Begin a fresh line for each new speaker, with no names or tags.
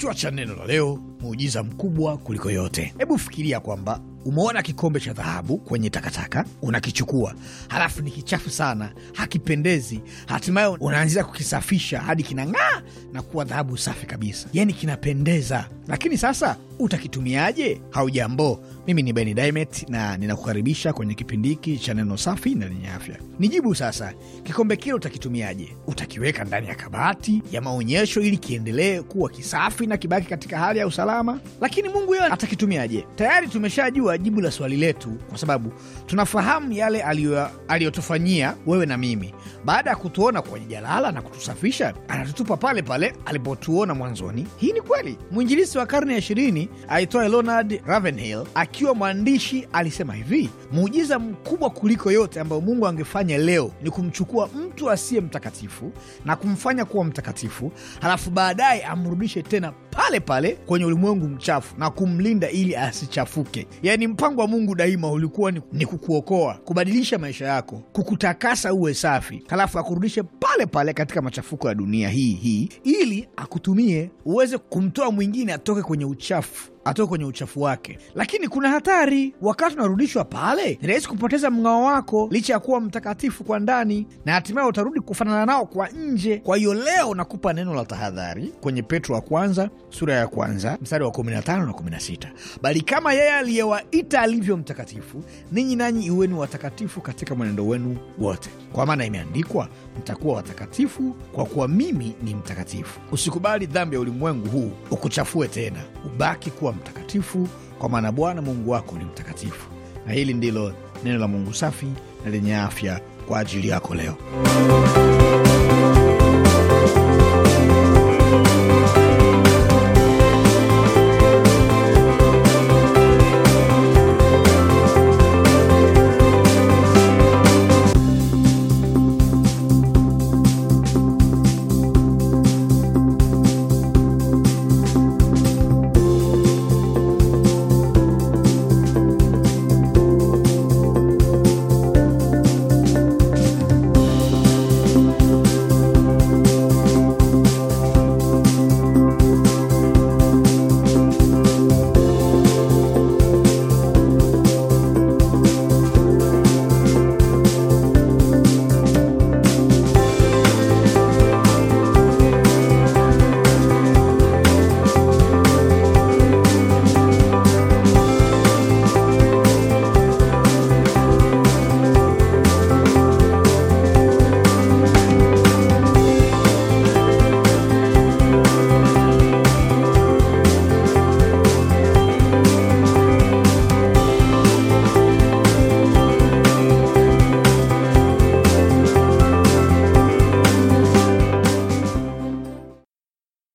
Kichwa cha neno la leo, muujiza mkubwa kuliko yote. Hebu fikiria kwamba umeona kikombe cha dhahabu kwenye takataka, unakichukua halafu ni kichafu sana, hakipendezi. Hatimaye unaanzia kukisafisha hadi kinang'aa na kuwa dhahabu safi kabisa, yani kinapendeza. Lakini sasa utakitumiaje? Haujambo, mimi ni Beni Dimet na ninakukaribisha kwenye kipindi hiki cha neno safi na lenye afya. Nijibu sasa, kikombe kile utakitumiaje? Utakiweka ndani ya kabati ya maonyesho ili kiendelee kuwa kisafi na kibaki katika hali ya usalama? Lakini Mungu yeye atakitumiaje? Tayari tumeshajua jibu la swali letu, kwa sababu tunafahamu yale aliyotufanyia wewe na mimi. Baada ya kutuona kwenye jalala na kutusafisha, anatutupa pale pale alipotuona mwanzoni. Hii ni kweli. Mwinjilisi wa karne ya ishirini aitwaye Leonard Ravenhill akiwa mwandishi alisema hivi: muujiza mkubwa kuliko yote ambayo Mungu angefanya leo ni kumchukua mtu asiye mtakatifu na kumfanya kuwa mtakatifu, halafu baadaye amrudishe tena pale pale kwenye ulimwengu mchafu na kumlinda ili asichafuke. Yaani, mpango wa Mungu daima ulikuwa ni, ni kukuokoa, kubadilisha maisha yako, kukutakasa uwe safi, halafu akurudishe pale pale katika machafuko ya dunia hii hii, ili akutumie uweze kumtoa mwingine atoke kwenye uchafu atoke kwenye uchafu wake. Lakini kuna hatari, wakati unarudishwa pale, ni rahisi kupoteza mng'ao wako, licha ya kuwa mtakatifu kwa ndani, na hatimaye utarudi kufanana nao kwa nje. Kwa hiyo leo nakupa neno la tahadhari kwenye Petro wa kwanza sura ya kwanza mstari wa 15 na 16, bali kama yeye aliyewaita alivyo mtakatifu, ninyi nanyi iweni watakatifu katika mwenendo wenu wote, kwa maana imeandikwa, mtakuwa watakatifu kwa kuwa mimi ni mtakatifu. Usikubali dhambi ya ulimwengu huu ukuchafue tena, ubaki kuwa kuwa mtakatifu, kwa maana Bwana Mungu wako ni mtakatifu. Na hili ndilo neno la Mungu safi na lenye afya kwa ajili yako leo.